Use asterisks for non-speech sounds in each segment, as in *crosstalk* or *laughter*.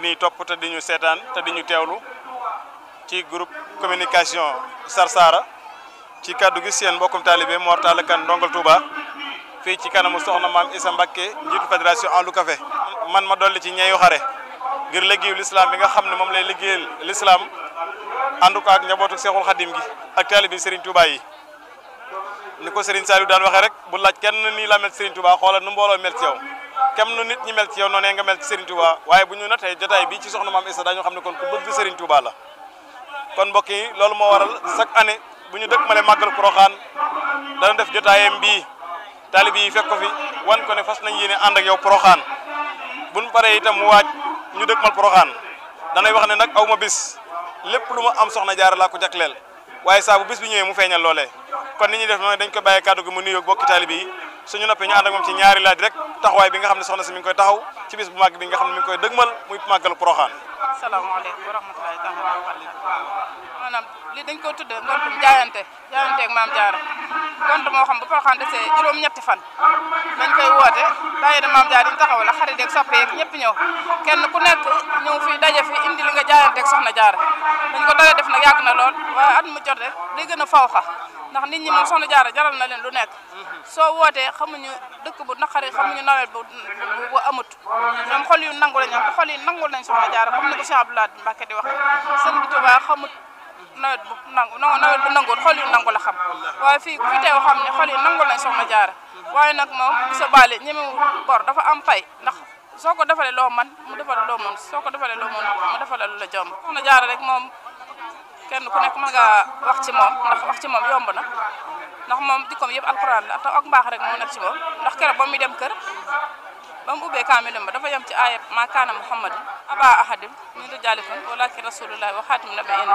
ngi nii topp te di ñu seetaan te di ñu teewlu ci groupe communication Sarsara ci kaddu gi seen mbokkum taalibe Mor Talla Kane Ndongal fii ci kanamu soxna maam Issa Mbacké njiitu fédération Anlou Café man ma dolli ci ñeeyu xare ngir liggéeyu l'islam bi nga xam ne moom lay liggéeyal l'islam ànd ko ak njabootu Seexul Xadim gi ak taalibe Serigne Touba yi ni ko Serigne Saliou daan waxee rek bu laaj kenn nii la mel Serigne Touba xoolal nu mbooloo mel ci kem nu nit ñi mel ci yow noonee nga mel ci Serigne Touba waaye bu ñu natee jotaay bi ci soxna maam Issa dañoo xam ne kon ku bëgg Serigne Touba la kon mbokk yi loolu moo waral chaque année bu ñu dëkk male màggal Porokhane dana def jotaayam bii taalibi yi fekk ko fi wan ko ne fas nañ yéene ànd ak yow bu nu paree itam mu waaj ñu dëkk mal Porokhane danay wax ne nag aw ma bis lépp lu ma am soxna jaara laa ko jagleel waaye saa bu bis bi ñëwee mu feeñal loole kon ni ñuy def mooy dañ ko bàyyee kàddu gi mu nuyoog bokki taalibi yi suñu noppee ñu ànd ak moom ci ñaari laaj rek taxawaay bi nga xam ne soxna si mi ngi koy taxaw ci bis bu màgg bi nga xam ne mi ngi koy dëgmal muy màggal Poroxaan. a wa rahmatulahi taala wa barakatuh maanaam li dañ ko tuddee ngontum jaayante jaayante ak maam jaara ngont moo xam bu Poroxaan desee ñetti fan dañ koy woote daayira maam jaara taxaw la xarit ak soppe ak ñëw kenn ku nekk ñëw fii daje fi indi li nga jaayante ak soxna jaara dañ ko dalee def nag yàgg na lool waaye at mu jot rek day na a faw xa ndax nit ñi moom soxna jaar jaral na leen lu nekk soo wootee xamuñu dëkk bu naqari xamuñu nawet bu bu amut ñoom xol yu nangu la ñoom te xol yi nangul nañ soxna jaara comme ni ko Cheikh Abdoulaye Mbacke di wax sëñ bi Tuubaa xamut nawet bu nangu nawet bu nanguwul xol yu nangu la xam waaye fii ku fi teew xam ne xol yi nangul nañ soxna jaara waaye nag moom sa baale ñemewu bor dafa am pay ndax soo ko defalee loo man mu defal loo mën soo ko defalee loo mën mu defal lu la jom na jaara rek moom kenn ku nekk mën nga wax ci moom ndax wax ci moom yomb na ndax moom jikkoom yëpp alxuraan la ak mbaax rek moo nekk ci moom ndax kere ba muy dem kër ba mu ubbee kaamilam ba dafa yem ci aaya maa kaana muhammadun abaa ahadim min rijaalikum walaakin rasuulullaahi wa xaatimun nabiyyiin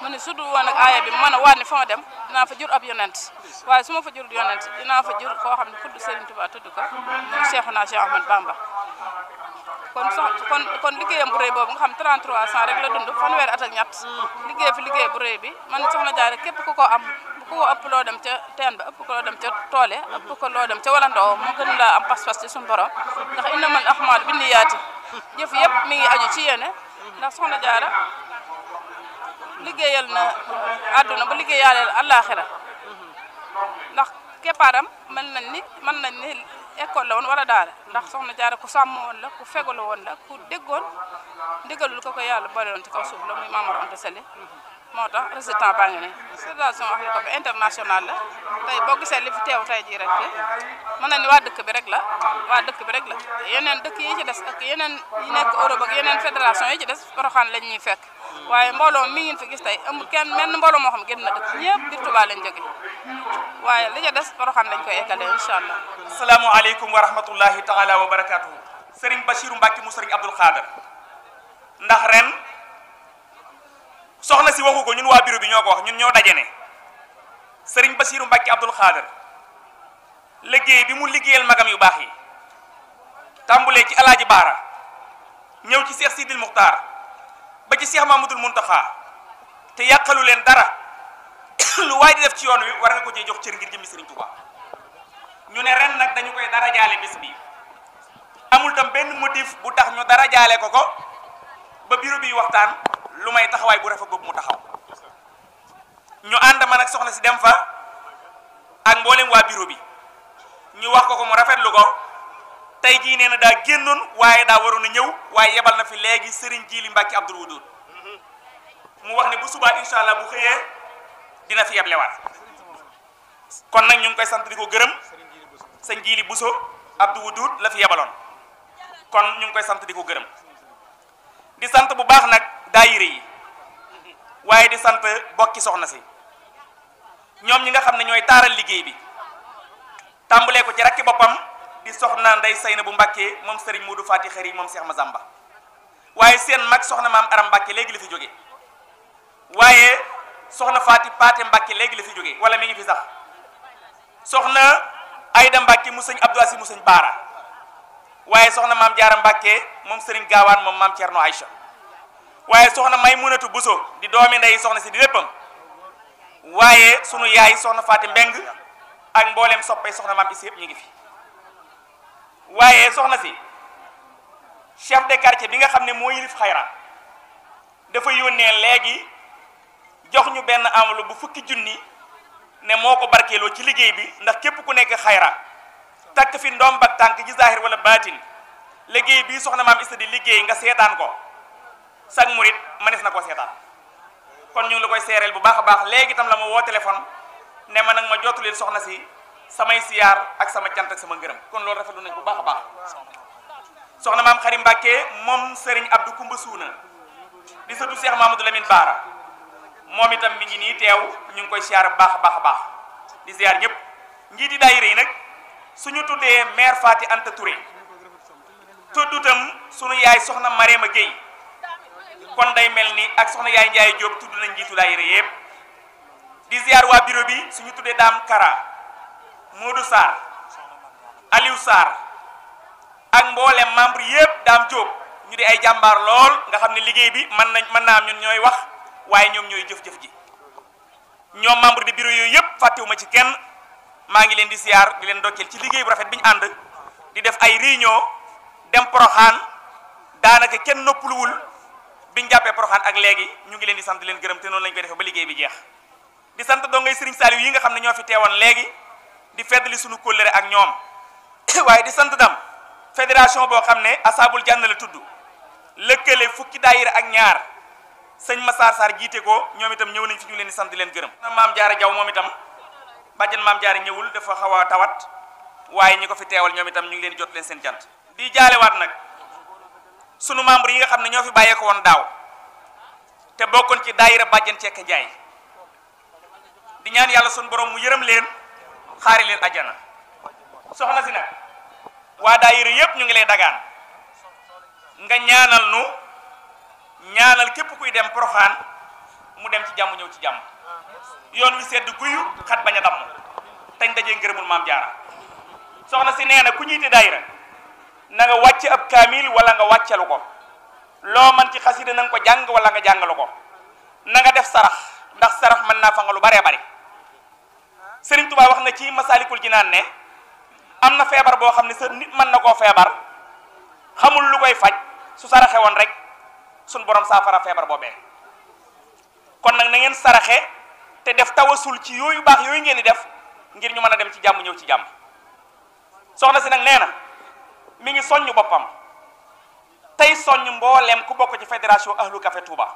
mu ne su dul woon ak aaya bi mën a waat ni fa ma dem dinaa fa jur ab yonent waaye su ma fa jur yonent dinaa fa jur koo xam ne kudd Serigne Touba tudd ko moom Seexuna Seex Ahmad Bamba kon sox kon kon liggéeyam bu rëy boobu nga xam 3300 rek la dund fanweer at ak ñett liggéey fi liggéey bu rëy bi man soxna jaara képp ku ko am ku ko ëpp loo dem ca teen ba ëpp ko loo dem ca toole ëpp ko loo dem ca walandoo moo gën laa am pas-pas ci suñu borom ndax innamal a'maal binniyaati jëf yëpp mi ngi aju ci yéene ndax soxna jaara liggéeyal na àdduna ba liggéeyaaleel àllaaxira ndax keppaaram mën nañ ni mën nañ ni école la woon wala daara ndax soxna jaare ku sàmm woon la ku fegalu woon la ku déggoon ndigalul ko ko yàlla boole woon ci kaw suuf la muy Maamor Anta Sali moo tax résultat baa ngi ne fédération wax ko internationale la tey boo gisee li fi teew tey jii rek mën na ni waa dëkk bi rek la waa dëkk bi rek la yeneen dëkk yi ci des ak yeneen yi nekk Europe ak yeneen fédération yi ci des Porokhane lañ ñuy fekk waaye mbooloo mi ngeen fi gis tey amul kenn menn mbooloo moo xam génn na dëkk ñëpp biir Touba lañ jóge waaye li ca des Porokhane lañ koy eggalee incha allah. asalaamaaleykum wa rahmatullahi taala wa barakaatuhu. Serigne Bachirou Mbacke mu Serigne Abdoul Khader ndax ren soxna si waxu ko ñun waa bureau bi ñoo ko wax ñun ñoo daje ne Serigne Bachirou Mbacke Abdoul Khader liggéey bi mu liggéeyal magam yu baax yi tàmbulee ci alaaji baara ñëw ci Cheikh Sidil Muxtaar ba ci Cheikh Mamadou Mountakha te yàqalu leen dara *coughs* lu waay di def ci yoon wi war nga ko cee jox cër ngir jëmmi Serigne Touba ñu ne ren nag dañu koy dara jaale bés bi amul tam benn motif bu tax ñu dara jaale ko ko ba bureau bi waxtaan lu may taxawaay bu rafet boobu mu taxaw ñu ànd man ak soxna si dem fa ak mboolem waa biro bi ñu wax ko ko mu rafet lu ko. tey jii nee na daa génnoon waaye daa waroon a ñëw waaye yebal na fi léegi sëriñ Jili Mbàkke Abdul Wudud mu wax ne bu subaa incha allah bu xëyee dina fi yeblewaat kon nag ñu ngi koy sant di ko gërëm sëñ Jili Buso Abdul Wudud la fi yebaloon kon ñu ngi koy sant di ko gërëm di sant bu baax nag daayire yi waaye di sant bokki soxna si ñoom ñi nga xam ne ñooy taaral liggéey bi tàmbalee ko ci rakki boppam. di soxna nday na bu Mbàkke moom Serigne Modou Fati Xari moom Cheikh Mazamba waaye seen mag soxna maam Aram Mbàkke léegi la fi jóge waaye soxna faati Paate Mbàkke léegi la fi jóge wala mi ngi fi sax soxna Ayda Mbàkke mu sëñ Abdou Asi mu sëñ waaye soxna maam Jaara Mbàkke moom Serigne Gaawaan moom maam Cerno Aïcha waaye soxna may munatu buso di doomi ndey soxna si di léppam waaye sunu yaay soxna Faati Mbeng ak mbooleem soppay soxna maam Issa yëpp ñu ngi fi waaye soxna si chef de quartier bi nga xam ne moo yilif xayra dafa yónnee léegi jox ñu benn enveloppe bu fukki junni ne moo ko barkeeloo ci liggéey bi ndax képp ku nekk xayra takk fi ndoom bak tànk ci zahir wala baatin liggéey bi soxna maam Issa di liggéey nga seetaan ko sag murit manes na ko seetaan kon ñu ngi la koy seereel bu baax a baax léegi itam la ma woo téléphone ne ma nag ma jottulil soxna si samay siyaar ak sama cant ak sama ngërëm kon loolu rafetlu nañ bu baax a baax soxna maam Xari Mbàkke moom sëriñ Abdou Kumba Suuna di sëtu Cheikh Mamadou Lamine Baara moom itam mi ngi nii teew ñu ngi koy siyaar baax a baax a baax di siyaar ñëpp njiiti daayira yi nag suñu tuddee maire Faty Anta Touré tuddutam suñu yaay soxna a Guèye kon day mel ni ak soxna yaay Ndiaye Diop tudd nañ njiitu daayira yëpp di siyaar waa bureau bi suñu tuddee daam Kara Modou Sarr Aliou Sarr ak mboolem membre yëpp daam jóob ñu di ay jàmbaar lool nga xam ne liggéey bi mën nañ mën naa am ñun ñooy wax waaye ñoom ñooy jëf-jëf ji ñoom membre de bureau yooyu yëpp fàttewuma ci kenn maa ngi leen di siyaar di leen dokkeel ci liggéey bu rafet bi ñu ànd di def ay réunion dem poroxaan daanaka kenn noppaluwul biñ jàppee poroxaan ak léegi ñu ngi leen di sant leen gërëm te noonu lañ koy defee ba liggéey bi jeex di sant dongay Serigne Saliou yi nga xam ne ñoo fi teewoon léegi di feddali suñu kóllëre ak ñoom *coughs* waaye di sant tam fédération boo xam ne asaabul jànna la tudd lëkkale fukki daayira ak ñaar sëñ Massar Sarr jiite ko ñoom itam ñëw nañ fi ñu leen di sant leen gërëm. maam jaara jaw moom itam bàjjan maam jaara ñëwul dafa xaw a tawat waaye ñi ko fi teewal ñoom itam ñu ngi leen jot leen seen jant. lii jaalewaat nag sunu membre yi nga xam ne ñoo fi bàyyeeko woon daaw te bokkoon ci daayira bàjjan Cekke Njaay di ñaan yàlla sunu borom mu yërëm leen. xaari leen ajjana soxna si nag waa daayira yëpp ñu ngi lay dagaan nga ñaanal nu ñaanal képp kuy dem Porokhane mu dem ci jàmm ñëw ci jàmm yoon wi sedd guyu xat bañ a damm tañ dajee ngërëmul maam jaara soxna si nee na ku ñiite daayira na nga wàcc ab kaamil wala nga wàccalu ko loo man ci xasida na ko jàng wala nga jàngalu ko na nga def sarax ndax sarax mën naa fa nga lu baree bari sëriñ Touba wax na ci Masaalikul Jinaan ne am na feebar boo xam ne sa nit mën na koo feebar xamul lu koy faj su saraxe woon rek suñ borom saafara feebar boobee kon nag na ngeen saraxe te def tawasul ci yooyu baax yooyu ngeen di def ngir ñu mën a dem ci jàmm ñëw ci jàmm soxna si nag nee na mu ngi soññ boppam tey soññ mboolem ku bokk ci fédération Ahlu Café Touba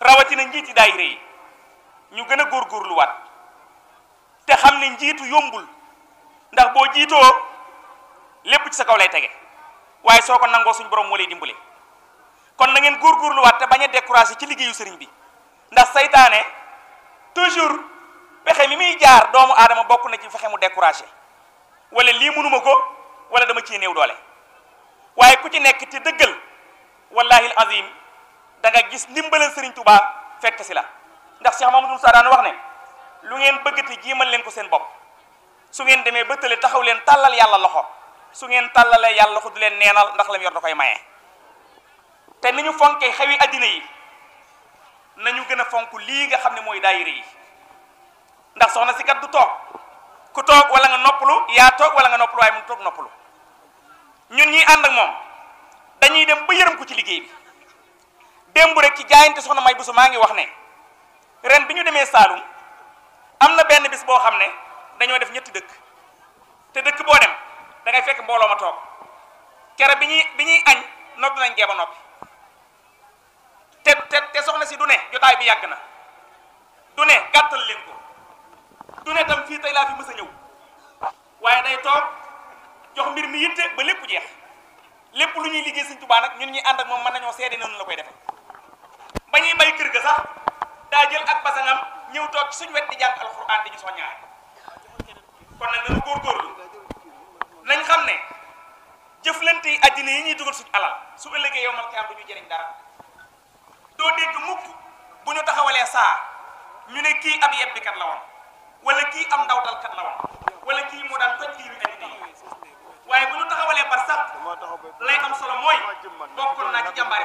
rawatina njiiti daayira yi ñu gën a góorgóorluwaat te xam ne njiitu yombul ndax boo jiitoo lépp ci sa kaw lay tege waaye soo ko nangoo suñ borom moo lay dimbale kon na ngeen góorgóorluwaat te bañ a découragé ci liggéeyu sëriñ bi ndax saytaane toujours pexe mi muy jaar doomu aadama bokk na ci fexe mu découragé wala lii mënuma ko wala dama ci néew doole waaye ku ci nekk ci dëggal wallahi azim da nga gis ndimbalal sëriñ Tuubaa fekk si la ndax Cheikh Mamadou Moussa daan wax ne lu ngeen bëggati jiimal leen ko seen bopp su ngeen demee ba tële taxaw leen tàllal yàlla loxo su ngeen tàllalee yàlla loxo du leen neenal ndax lam yor da koy maye. te ni ñu fonkee xewi àddina yi nañu gën a fonk lii nga xam ne mooy daayira yi ndax soxna si kat du toog ku toog wala nga noppalu yaa toog wala nga noppalu waaye mun toog noppalu ñun ñi ànd ak moom dañuy dem ba yërëm ko ci liggéey bi démb rek ci jaayante soxna may bu su maa ngi wax ne ren bi ñu demee Saalum. am na benn bis boo xam ne dañoo def ñetti dëkk te dëkk boo dem dangay fekk mbooloo ma toog kere bi ñuy bi ñuy añ nodd nañ geeba noppi te te te soxna si du ne jotaay bi yàgg na du ne gàttal leen ko du ne tam fii tey laa fi mës a ñëw waaye day toog jox mbir mi yitte ba lépp jeex lépp lu ñuy liggéey si Tuubaa nag ñun ñi ànd ak moom mën nañoo seede noonu la koy defe ba ñuy bay kër ga sax daa jël ak basanam ñëw toog suñ wet di jàng alxuraan di ñu soññaay kon nag nañu góorgóorlu nañ xam ne jëflante yi àddina yi ñuy dugal suñu alal su ëllëgee yow mal kaam du ñu jëriñ dara doo dégg mukk bu ñu taxawalee saa ñu ne kii ab yebbikat la woon wala kii am ndawtalkat la woon wala kii moo daan toj lii bi àddina yi waaye bu ñu taxawalee bar sax lay am solo mooy bokkoon naa ci jàmbaari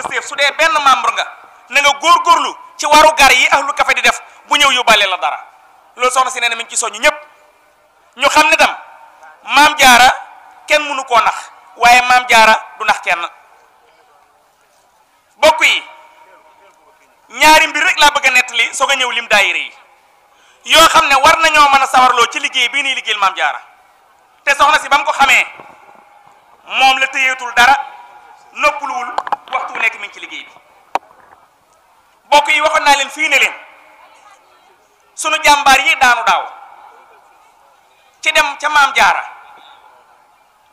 Pastef su dee benn membre nga na góor góorgóorlu ci waru gar yi lu kafe di def bu ñëw yóbbaale la dara loolu soxna si nee na ci soñu ñëpp ñu xam ne tam maam jaara kenn mënu koo nax waaye maam jaara du nax kenn bokk yi ñaari mbir rek laa bëgg a nettali soog a ñëw lim daayira yi yoo xam ne war nañoo mën a sawarloo ci liggéey bii nuy liggéeyal maam jaara te soxna si ba mu ko xamee moom la tëyeetul dara noppaluwul waxtu nekk mi ci liggéey bi bokk yi waxoon naa leen fii ne leen sunu jàmbaar yi daanu daaw ci dem ca maam jaara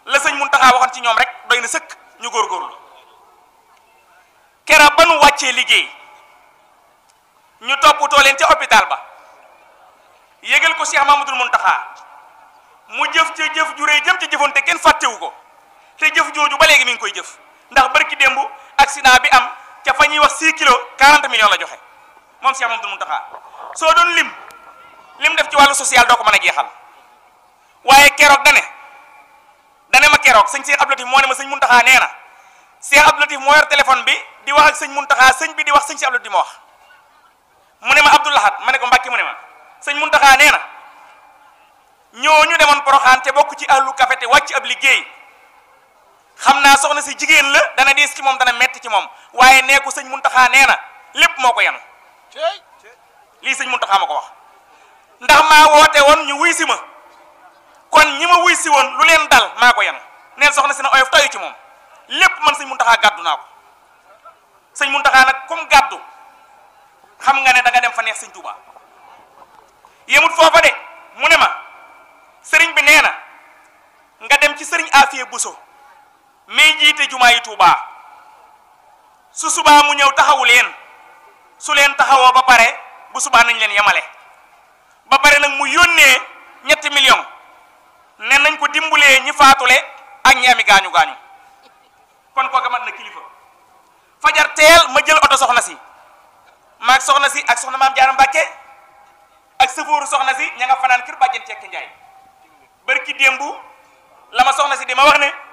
la sëñ Muntaxa waxoon ci ñoom rek doy na sëkk ñu góorgóorlu kera ba nu wàccee liggéey ñu toppatoo leen ca hôpital ba yëgal ko Cheikh Mamadou Muntaxa mu jëf ca jëf ju rëy jëm ca jëfoon te kenn fàttewu ko te jëf jooju ba léegi mi ngi koy jëf ndax ki démb accident bi am ca fa ñuy wax 6 kilos 40 millions la joxe moom Cheikh Mamadou Mountakha soo doon lim lim def ci wàllu social doo ko mën a jeexal waaye keroog dane dane ma keroog sëñ Cheikh Abdou Latif moo ne sëñ Mountakha nee na Cheikh Abdou Latif moo yor téléphone bi di wax ak sëñ Mountakha sëñ bi di wax sëñ Cheikh Abdou Latif ma wax mu ne ma Abdou Lahad ma ne ko Mbàkke mu ne ma sëñ Mountakha nee na ñooñu demoon Poroxaan te bokk ci àllu café te ci ab liggéey xam naa soxna si jigéen la dana diis ci moom dana metti ci moom waaye ne ko sëñ mun Muntaxa nee na lépp moo ko yanu lii sëñ Muntaxa ma ko wax ndax maa woote woon ñu wuy si ma kon ñi ma wuy si woon lu leen dal maa ko yanu neen soxna si na oyof toyu ci moom lépp man sëñ Muntaxa gàddu naa ko sëñ Muntaxa nag comme gàddu xam nga ne da nga dem fa neex sëñ Tuuba yemut foofa de mu ne ma sëriñ bi nee na nga dem ci sëriñ Afia Bousso may jiite jumaa yi Tuubaa su subaa mu ñëw taxawu leen su leen taxawoo ba pare bu subaa nañ leen yamale ba pare nag mu yónnee ñetti million ne nañ ko dimbulee ñi faatule ak ñi ami gaañu gaañu kon kooka mat na kilifa fajar teel ma jël oto soxna si maag soxna si ak soxna maam Jaara Mbàkke ak sëfooru soxna si ña nga fanaan kër bàjjen Cekk Njaay barki démb la ma soxna si di ma wax ne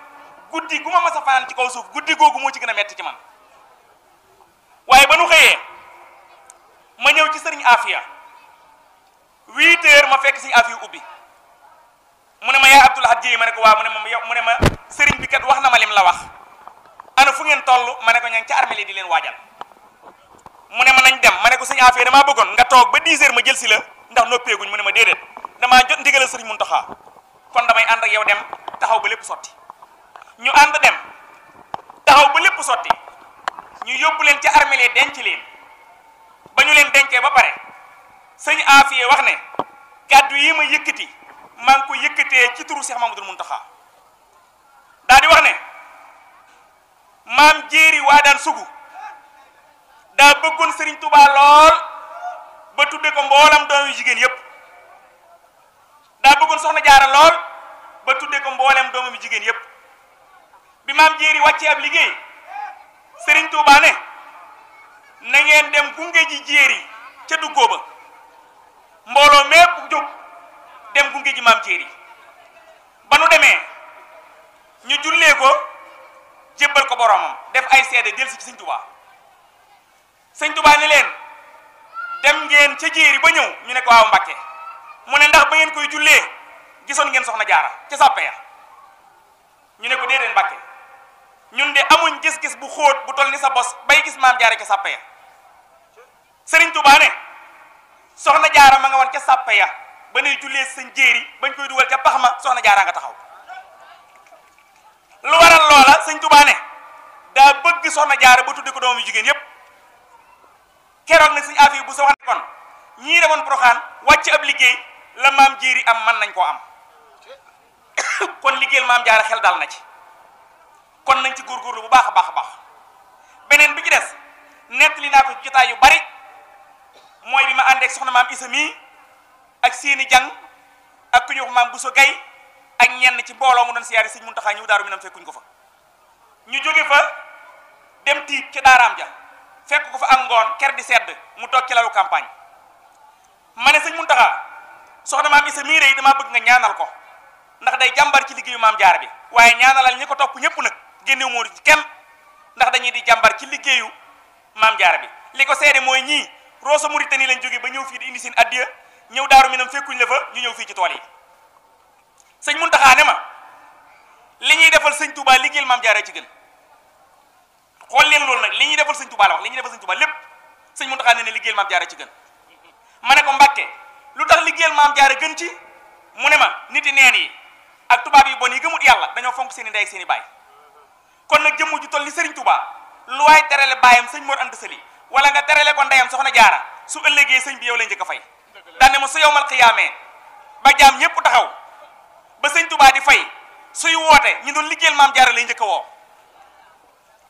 guddi gu ma mas a fanaan ci kaw suuf guddi googu moo ci gën a metti ci man waaye ba nu xëyee ma ñëw ci sëriñ Afia huit heures ma fekk sëriñ Afia ubbi mu ne ma yaa Abdul Ahad Jéy ma ne ko waaw mu ne ma mu ne ma sëriñ bi kat wax na ma lim la wax ana fu ngeen toll ma ne ko ña ngi ca armée li di leen waajal mu ne ma nañ dem ma ne ko sëñ Afia damaa bëggoon nga toog ba dix heures ma jël si la ndax noppeeguñ mu ne ma déedéet damaa jot ndigalal sëriñ Muntaxa kon damay ànd ak yow dem taxaw ba lépp sotti ñu ànd dem taxaw ba lépp sotti ñu yóbbu leen ca armeel denc leen ba ñu leen denkee ba pare sëñ Afiyé wax ne kàddu yi ma yëkkati maa ngi ko yëkkatee ci turu Cheikh mun taxaw daa di wax ne maam jéeri waa daan sugu daa bëggoon Serigne Touba lool ba tudde ko mboolam doom yu jigéen yépp daa bëggoon soxna jaara lool ba tudde ko mbooleem doomam yu jigéen yépp bi maam jéeri wàccee ab liggéey Serigne Touba ne ngeen dem gunge ji jéeri ca duggoo ba mbooloo mépp jóg dem gunge ji maam jéeri ba nu demee ñu jullee ko jébbal ko boromam def ay seede jël si ci Serigne Touba Serigne leen dem ngeen ca jéeri ba ñëw ñu ne ko waaw Mbàkke mu ne ndax ba ngeen koy jullee gisoon ngeen soxna jaara ca sàppe ya ñu ne ko déedéet Mbàkke ñun de amuñ gis-gis bu xóot bu toll ni sa bos bay gis maam jaare ca sàppe ya sëriñ Tuubaa ne soxna jaara ma nga woon ca sàppe ya ba nuy jullee sa njéeri bañ koy dugal ca pax ma soxna jaara nga taxaw lu waral loola sëñ Tuubaa ne daa bëgg soxna jaara ba tudde ko doom jigéen yépp keroog na suñu affaire bu soo xam ne kon ñii demoon proxaan wàcc ab liggéey la maam jéeri am man nañ koo am *coughs* kon liggéeyal maam jaara xel dal na ci kon nañ ci góor góorgóorlu bu baax a baax a baax beneen bi ci des nettali naa ko ci jotaay yu bari mooy bi ma àndeek soxna maam Isa mii ak seeni jàng ak ku ñuy wax ak ñenn ci mbooloo mu doon siyaare sëñ Muntaxa ñëw daaru mi nam fekkuñ ko fa ñu jóge fa dem tiib ca daaraam ko fa ak ngoon ker di sedd mu toog ci lalu campagne ma ne sëñ Muntaxa soxna maam Isa mii rey dama bëgg nga ñaanal ko ndax day jàmbar ci liggéeyu maam jaar bi waaye ñaanalal ñu ko topp ñëpp nag génnew moo ci kenn ndax dañuy di jàmbar ci liggéeyu maam jaara bi li ko seede mooy ñii Rosso Mauritanie lañ jóge ba ñëw fii di indi seen addiya ñëw daaru minam fekkuñ la fa ñu ñëw fii ci tool yi sëñ Muntaxa ne ma li ñuy defal sëñ Touba liggéeyal maam jaara ci gën xool leen loolu nag li ñuy defal sëñ Touba la li ñuy defal sëñ Touba lépp sëñ Muntaxa ne ne liggéeyal maam jaara ci gën ma ne ko Mbàkke lu tax liggéeyal maam jaara gën ci mu ne ma nit yi neen yi ak tubaab yi bon yi gëmut yàlla dañoo fonk seen i ndey baay kon nag jëmm ju toll ni Serigne Touba lu waay terale baayam sëñ Mor Anta Sali wala nga terale ko ndeyam soxna jaara su ëllëgee sëñ bi yow lay njëkk a fay daane ma su yow mal xiyaamee ba jaam ñëpp taxaw ba sëñ Touba di fay suy woote ñu doon liggéeyal maam jaara lay njëkk a woo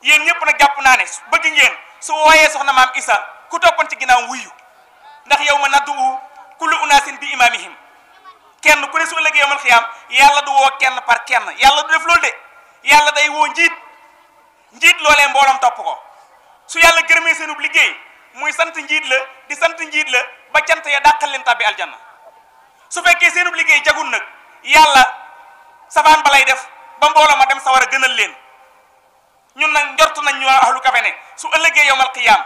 yéen ñëpp nag jàpp naa ne bëgg ngeen su wooyee soxna maam Isa ku toppoon ci ginnaaw wuyu ndax yow ma naddu kullu unaasin bi imaamihim kenn ku ne su ëllëgee yow mal xiyaam yàlla du woo kenn par kenn yàlla du def loolu day woo njiit loolee mbooloom topp ko su yàlla gërëmee seenub liggéey muy sant njiit la di sant njiit la ba cant ya dàqal leen tàbbi aljanna su fekkee seenub liggéey jagun nag yàlla safaan ba def ba mbooloo ma dem sawar a gënal leen ñun nag njort nañ ñu ahlu su ëllëgee yowmal qiyaam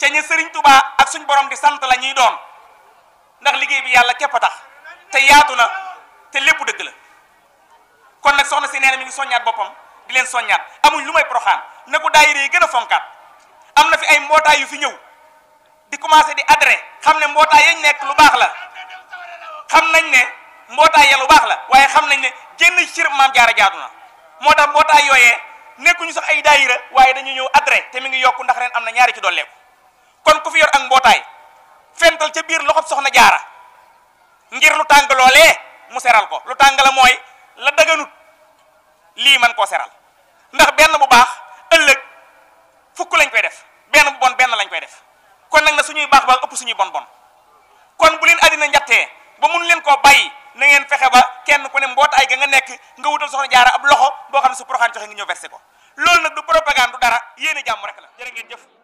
ca sëriñ tubaa ak suñ borom di sant la ñuy doon ndax liggéey bi yàlla képp a tax te yaatu na te lépp dëgg la kon nag soxna si nee na mi ngi soññaat boppam di leen soññaat amuñ lu may proxaan na ko daayira yi gën a fonkaat am na fi ay mbootaay yu fi ñëw di commencé di adhéré xam ne mbootaay yañ nekk lu baax la xam nañ ne mbootaay ya lu baax la waaye xam nañ ne génn ci maam jaara jaadu na moo tax mbootaay yooyee nekkuñu sax ay daayira waaye dañu ñëw adhéré te mi ngi yokk ndax reen am na ñaari ci dolleeku kon ku fi yor ak mbootaay fental ca biir loxob soxna jaara ngir lu tàng loolee mu seral ko lu tàng la mooy la daganut lii man koo seral ndax benn bu baax ëllëg fukk lañ koy def benn bu bon benn lañ koy def kon nag na suñuy baax baax ëpp suñuy bon bon kon bu leen àddina njattee ba mun leen koo bay na ngeen fexe ba kenn ku ne mboot mbootaay ga nga nekk nga wutal soxna jaara ab loxo boo xam ne su proxaan joxe nga ñëw versé ko loolu nag du propagande dara yéene jàmm rek la jërë ngeen jëf